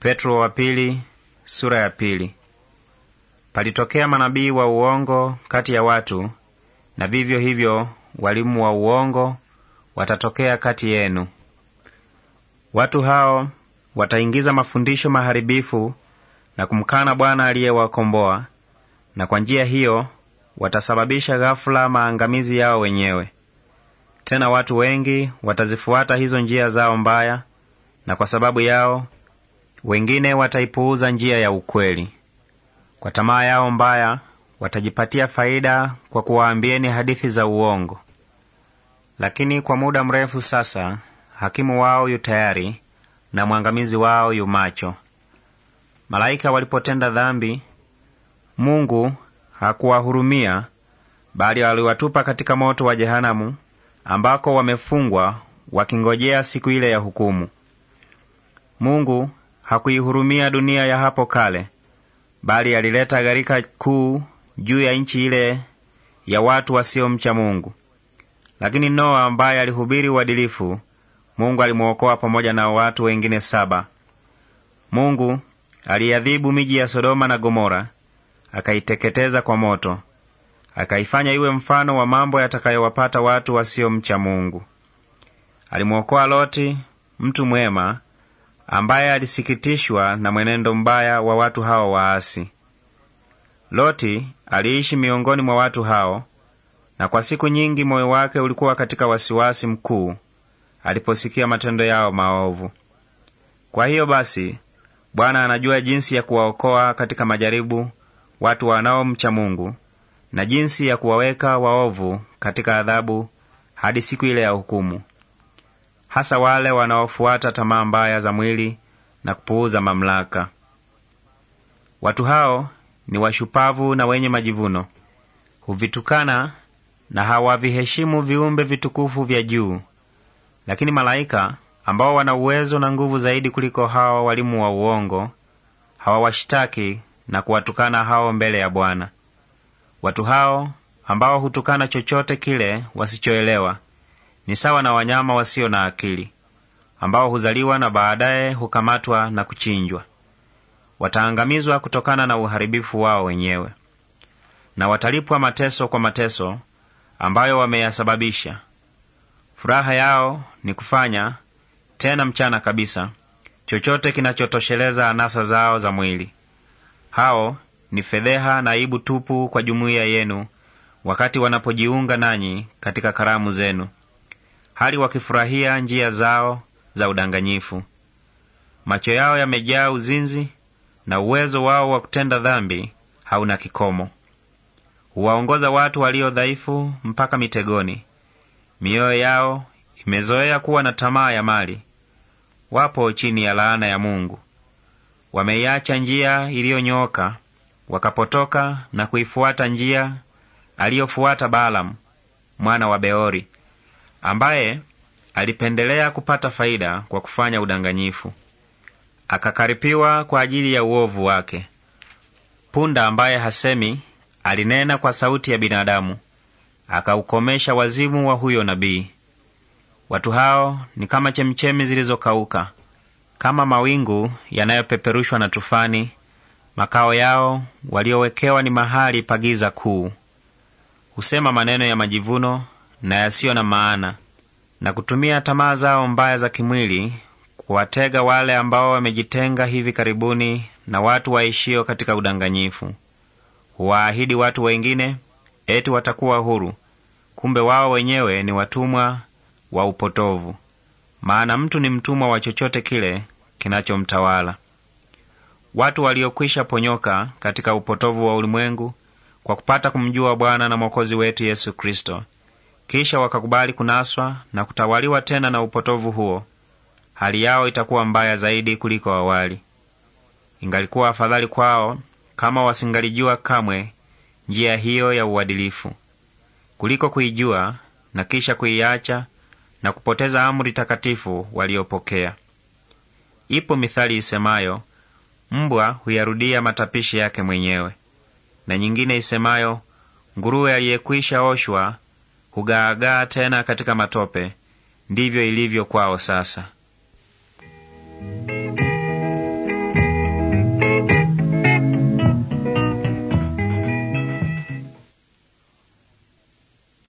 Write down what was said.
Petro wa pili, sura ya pili. Palitokea manabii wa uongo kati ya watu, na vivyo hivyo walimu wa uongo watatokea kati yenu. Watu hao wataingiza mafundisho maharibifu na kumkana Bwana aliyewakomboa, na kwa njia hiyo watasababisha ghafula maangamizi yao wenyewe. Tena watu wengi watazifuata hizo njia zao mbaya, na kwa sababu yao wengine wataipuuza njia ya ukweli. Kwa tamaa yao mbaya watajipatia faida kwa kuwaambieni hadithi za uongo. Lakini kwa muda mrefu sasa hakimu wao yu tayari na mwangamizi wao yu macho. Malaika walipotenda dhambi, Mungu hakuwahurumia, bali aliwatupa katika moto wa jehanamu, ambako wamefungwa wakingojea siku ile ya hukumu. Mungu hakuihurumia dunia ya hapo kale, bali alileta gharika kuu juu ya nchi ile ya watu wasiomcha Mungu. Lakini Noa, ambaye alihubiri uadilifu, Mungu alimwokoa pamoja na watu wengine saba. Mungu aliadhibu miji ya Sodoma na Gomora, akaiteketeza kwa moto, akaifanya iwe mfano wa mambo yatakayowapata watu wasiomcha Mungu. Alimwokoa Loti, mtu mwema, ambaye alisikitishwa na mwenendo mbaya wa watu hao waasi. Loti aliishi miongoni mwa watu hao, na kwa siku nyingi moyo wake ulikuwa katika wasiwasi mkuu aliposikia matendo yao maovu. Kwa hiyo basi, Bwana anajua jinsi ya kuwaokoa katika majaribu watu wanaomcha Mungu na jinsi ya kuwaweka waovu katika adhabu hadi siku ile ya hukumu hasa wale wanaofuata tamaa mbaya za mwili na kupuuza mamlaka. Watu hao ni washupavu na wenye majivuno, huvitukana na hawaviheshimu viumbe vitukufu vya juu. Lakini malaika ambao wana uwezo na nguvu zaidi kuliko hawa walimu wa uongo hawawashitaki na kuwatukana hao mbele ya Bwana. Watu hao ambao hutukana chochote kile wasichoelewa ni sawa na wanyama wasio na akili ambao huzaliwa na baadaye hukamatwa na kuchinjwa. Wataangamizwa kutokana na uharibifu wao wenyewe, na watalipwa mateso kwa mateso ambayo wameyasababisha. Furaha yao ni kufanya tena mchana kabisa chochote kinachotosheleza anasa zao za mwili. Hao ni fedheha na aibu tupu kwa jumuiya yenu, wakati wanapojiunga nanyi katika karamu zenu hali wakifurahia njia zao za udanganyifu. Macho yao yamejaa uzinzi, na uwezo wao wa kutenda dhambi hauna kikomo. Huwaongoza watu walio dhaifu mpaka mitegoni. Mioyo yao imezoea kuwa na tamaa ya mali. Wapo chini ya laana ya Mungu. Wameiacha njia iliyonyooka, wakapotoka na kuifuata njia aliyofuata Balamu mwana wa Beori ambaye alipendelea kupata faida kwa kufanya udanganyifu, akakaripiwa kwa ajili ya uovu wake. Punda ambaye hasemi alinena kwa sauti ya binadamu, akaukomesha wazimu wa huyo nabii. Watu hao ni kama chemchemi zilizokauka, kama mawingu yanayopeperushwa na tufani. Makao yao waliowekewa ni mahali pagiza kuu, husema maneno ya majivuno na yasiyo na maana na kutumia tamaa zao mbaya za kimwili kuwatega wale ambao wamejitenga hivi karibuni na watu waishio katika udanganyifu. Huwaahidi watu wengine eti watakuwa huru, kumbe wao wenyewe ni watumwa wa upotovu. Maana mtu ni mtumwa wa chochote kile kinachomtawala. Watu waliokwisha ponyoka katika upotovu wa ulimwengu kwa kupata kumjua Bwana na Mwokozi wetu Yesu Kristo kisha wakakubali kunaswa na kutawaliwa tena na upotovu huo, hali yao itakuwa mbaya zaidi kuliko awali. Ingalikuwa afadhali kwao kama wasingalijua kamwe njia hiyo ya uadilifu kuliko kuijua na kisha kuiacha na kupoteza amri takatifu waliopokea. Ipo mithali isemayo, mbwa huyarudia matapishi yake mwenyewe, na nyingine isemayo, nguruwe aliyekwisha oshwa hugaagaa tena katika matope. Ndivyo ilivyo kwao sasa.